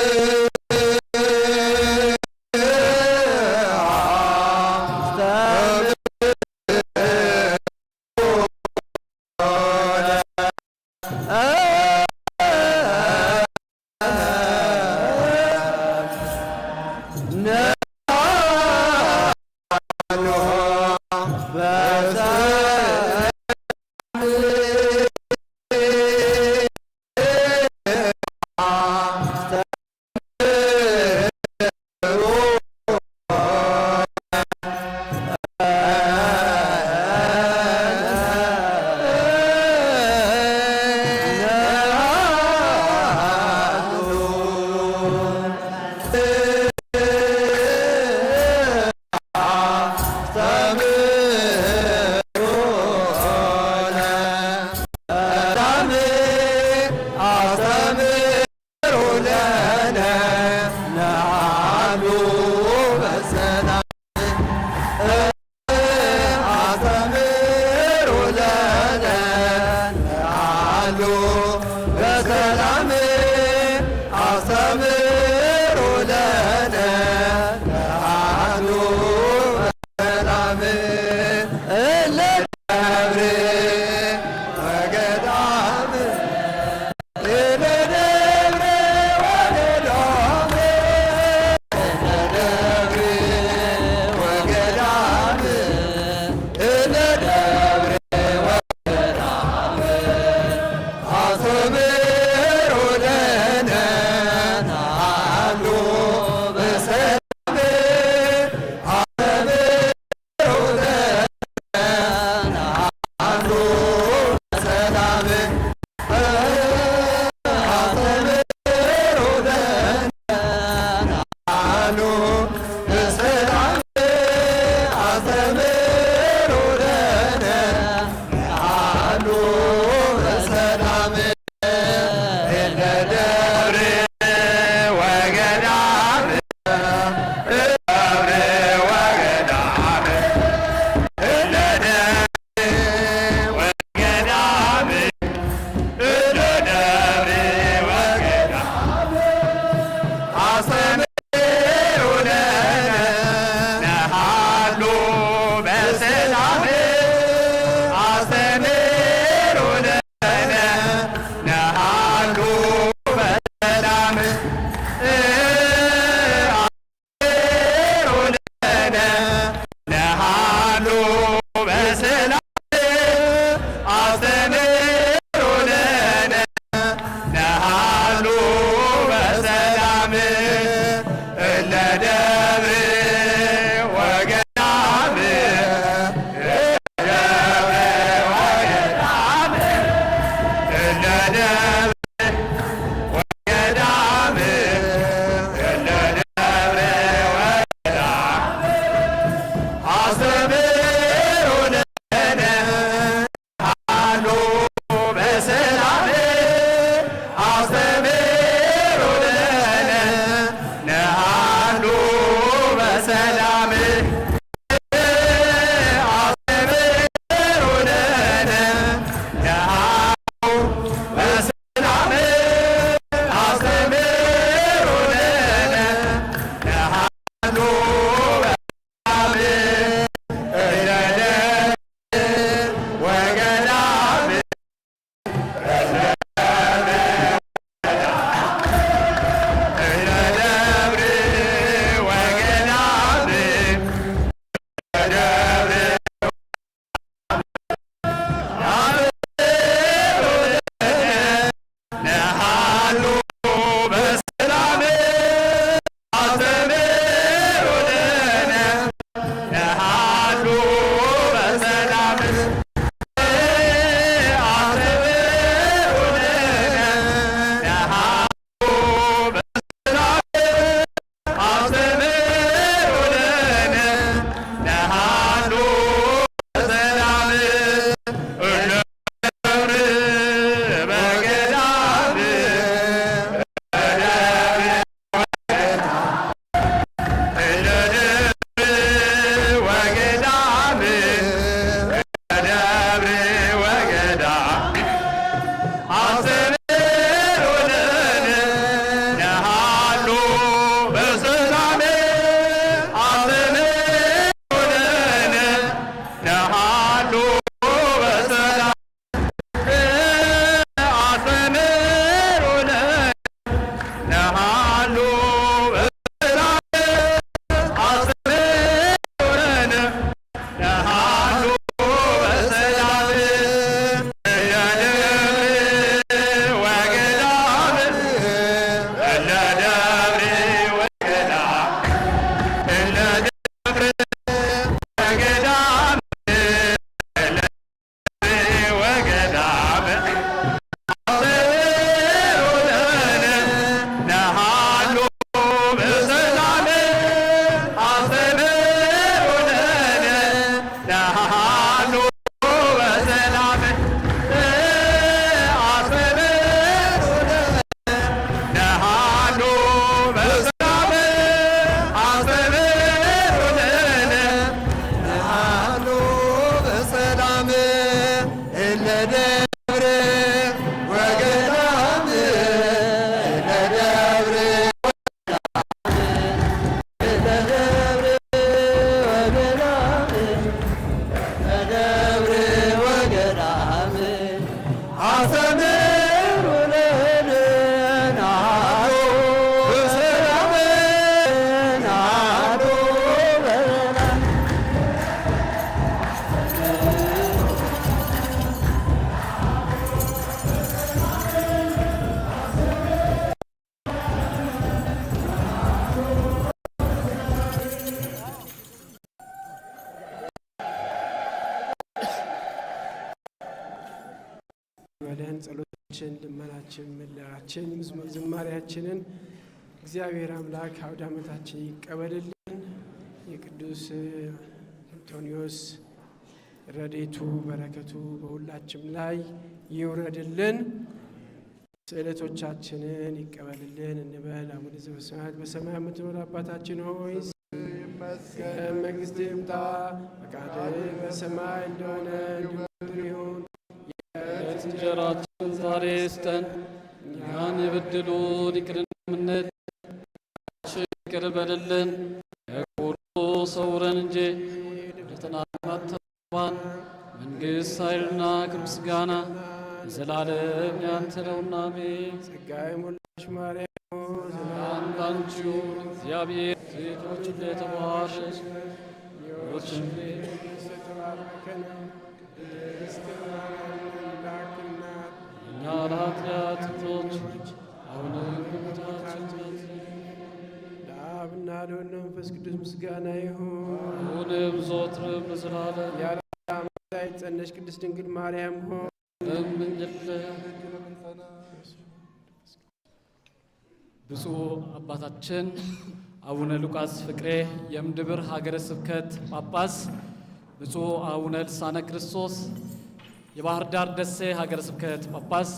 Yeah. እግዚአብሔር አምላክ አውደ ዓመታችን ይቀበልልን። የቅዱስ አንቶኒዮስ ረዴቱ በረከቱ በሁላችም ላይ ይውረድልን። ስዕለቶቻችንን ይቀበልልን እንበል። አቡነ ዘበሰማያት በሰማይ የምትኖር አባታችን ሆይ መንግስት ይምጣ፣ ፈቃድህ በሰማይ እንደሆነ ይሁን። የዕለት ዛሬ ስጠን፣ እኛን የበደሉንን ይቅር እንደምንል ቅርበልልን የቁርጡ ሰውረን እንጂ ለተናመተዋን መንግሥት ኃይልና ምስጋና ዘላለም ያንተ ነውና፣ አሜን። ጸጋዬ ሞላሽ ማርያም ዘላንዳንቺው እግዚአብሔር ሴቶች እንደተባረክሽ ዎችን እኛ ለኃጢአት ቶች አሁንም ለአብና ለወልድ መንፈስ ቅዱስ ምስጋና ይሁን። አሁንም ዘወትርም ለዘላለም ያለ ጸነሽ ቅድስት ድንግል ማርያም ሆይ ብፁዕ አባታችን አቡነ ሉቃስ ፍቅሬ የምድብር ሀገረ ስብከት ጳጳስ፣ ብፁዕ አቡነ ልሳነ ክርስቶስ የባህር ዳር ደሴ ሀገረ ስብከት ጳጳስ፣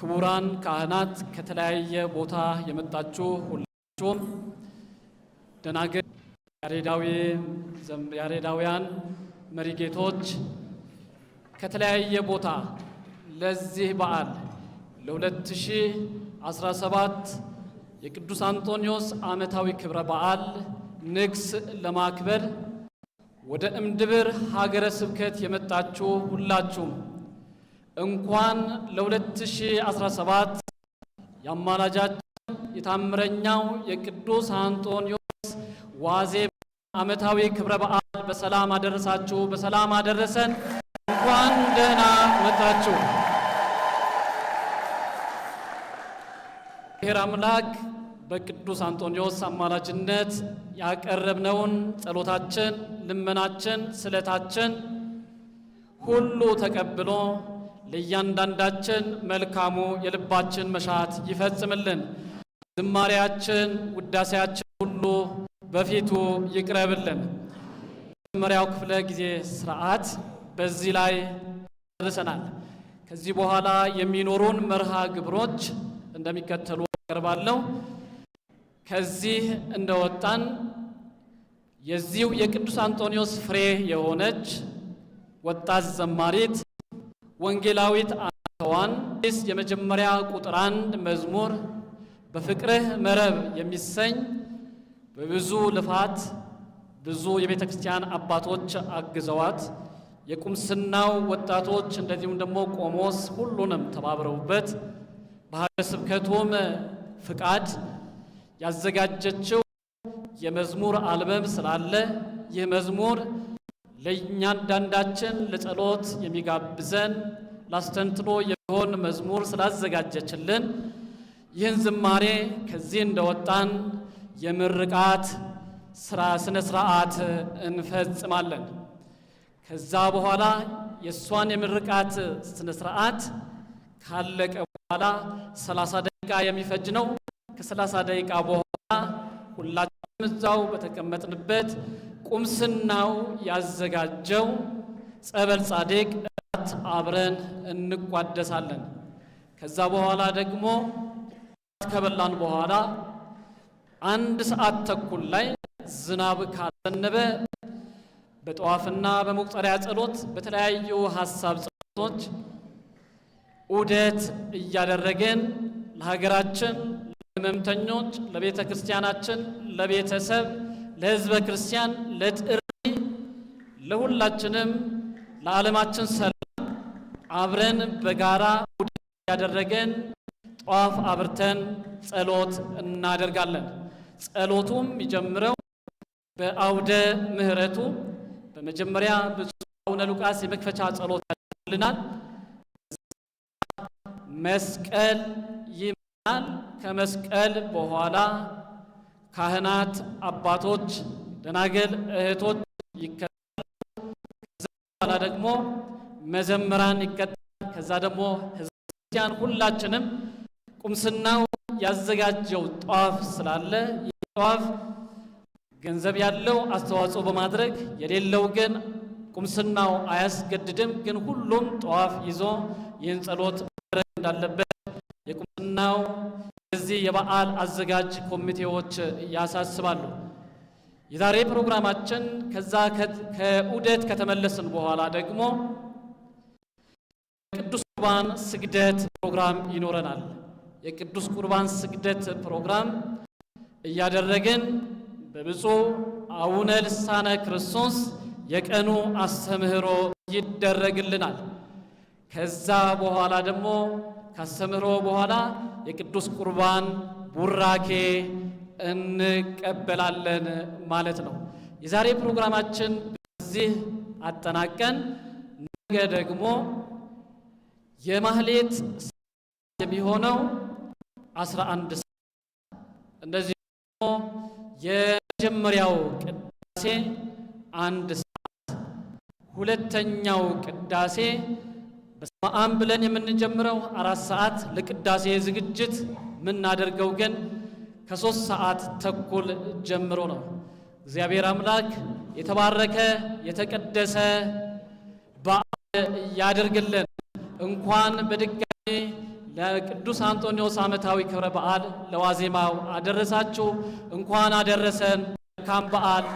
ክቡራን ካህናት፣ ከተለያየ ቦታ የመጣችሁ ሁላችሁም ደናገል፣ ያሬዳውያን መሪጌቶች ከተለያየ ቦታ ለዚህ በዓል ለ2017 የቅዱስ አንጦንዮስ ዓመታዊ ክብረ በዓል ንግስ ለማክበር ወደ እምድብር ሀገረ ስብከት የመጣችሁ ሁላችሁም እንኳን ለ2017 የአማላጃችን የታምረኛው የቅዱስ አንጦንዮስ ዋዜ ዓመታዊ ክብረ በዓል በሰላም አደረሳችሁ፣ በሰላም አደረሰን። እንኳን ደህና መጣችሁ። ብሔር አምላክ በቅዱስ አንጦንዮስ አማላጅነት ያቀረብነውን ጸሎታችን፣ ልመናችን፣ ስለታችን ሁሉ ተቀብሎ ለእያንዳንዳችን መልካሙ የልባችን መሻት ይፈጽምልን። ዝማሬያችን፣ ውዳሴያችን ሁሉ በፊቱ ይቅረብልን። መጀመሪያው ክፍለ ጊዜ ስርዓት በዚህ ላይ ደርሰናል። ከዚህ በኋላ የሚኖሩን መርሃ ግብሮች እንደሚከተሉ ያቀርባለሁ። ከዚህ እንደወጣን የዚሁ የቅዱስ አንጦንዮስ ፍሬ የሆነች ወጣት ዘማሪት ወንጌላዊት ስ የመጀመሪያ ቁጥር አንድ መዝሙር በፍቅርህ መረብ የሚሰኝ በብዙ ልፋት ብዙ የቤተ ክርስቲያን አባቶች አግዘዋት የቁምስናው ወጣቶች እንደዚሁም ደግሞ ቆሞስ ሁሉንም ተባብረውበት በሀገረ ስብከቱም ፍቃድ ያዘጋጀችው የመዝሙር አልበም ስላለ ይህ መዝሙር ለእኛንዳንዳችን ለጸሎት የሚጋብዘን ላስተንትኖ የሚሆን መዝሙር ስላዘጋጀችልን ይህን ዝማሬ ከዚህ እንደወጣን የምርቃት ስራ ስነ ስርዓት እንፈጽማለን። ከዛ በኋላ የእሷን የምርቃት ስነ ስርዓት ካለቀ በኋላ 30 ደቂቃ የሚፈጅ ነው። ከ30 ደቂቃ በኋላ ሁላችንም እዛው በተቀመጥንበት ቁምስናው ያዘጋጀው ጸበል ጻድቅ እራት አብረን እንቋደሳለን። ከዛ በኋላ ደግሞ ከበላን በኋላ አንድ ሰዓት ተኩል ላይ ዝናብ ካዘነበ በጠዋፍና በመቁጠሪያ ጸሎት በተለያዩ ሀሳብ ጸሎቶች ዑደት እያደረገን ለሀገራችን፣ ለህመምተኞች፣ ለቤተ ክርስቲያናችን፣ ለቤተሰብ፣ ለህዝበ ክርስቲያን፣ ለጥሪ ለሁላችንም ለዓለማችን ሰላም አብረን በጋራ ዑደት እያደረገን ጠዋፍ አብርተን ጸሎት እናደርጋለን። ጸሎቱም የሚጀምረው በአውደ ምሕረቱ በመጀመሪያ ብፁዕ አቡነ ሉቃስ የመክፈቻ ጸሎት ያደርጉልናል። መስቀል ይመራል። ከመስቀል በኋላ ካህናት አባቶች፣ ደናገል እህቶች ይከተላሉ። ከዛ በኋላ ደግሞ መዘምራን ይቀጥላል። ከዛ ደግሞ ህዝብ ክርስቲያን ሁላችንም ቁምስናው ያዘጋጀው ጧፍ ስላለ ጧፍ ገንዘብ ያለው አስተዋጽኦ በማድረግ የሌለው ግን ቁምስናው አያስገድድም። ግን ሁሉም ጧፍ ይዞ ይህን ጸሎት ማድረግ እንዳለበት የቁምስናው የዚህ የበዓል አዘጋጅ ኮሚቴዎች ያሳስባሉ። የዛሬ ፕሮግራማችን ከዛ ከዑደት ከተመለስን በኋላ ደግሞ ቅዱስ ቁርባን ስግደት ፕሮግራም ይኖረናል። የቅዱስ ቁርባን ስግደት ፕሮግራም እያደረግን በብፁዕ አቡነ ልሳነ ክርስቶስ የቀኑ አስተምህሮ ይደረግልናል። ከዛ በኋላ ደግሞ ካስተምህሮ በኋላ የቅዱስ ቁርባን ቡራኬ እንቀበላለን ማለት ነው። የዛሬ ፕሮግራማችን በዚህ አጠናቀን ነገ ደግሞ የማህሌት የሚሆነው 11 እንደዚህ ደግሞ የመጀመሪያው ቅዳሴ አንድ ሰዓት፣ ሁለተኛው ቅዳሴ በስመ አብ ብለን የምንጀምረው አራት ሰዓት፣ ለቅዳሴ ዝግጅት የምናደርገው ግን ከሶስት ሰዓት ተኩል ጀምሮ ነው። እግዚአብሔር አምላክ የተባረከ የተቀደሰ በዓል ያደርግልን። እንኳን በድጋሜ ለቅዱስ አንጦኒዎስ ዓመታዊ ክብረ በዓል ለዋዜማው አደረሳችሁ። እንኳን አደረሰን። መልካም በዓል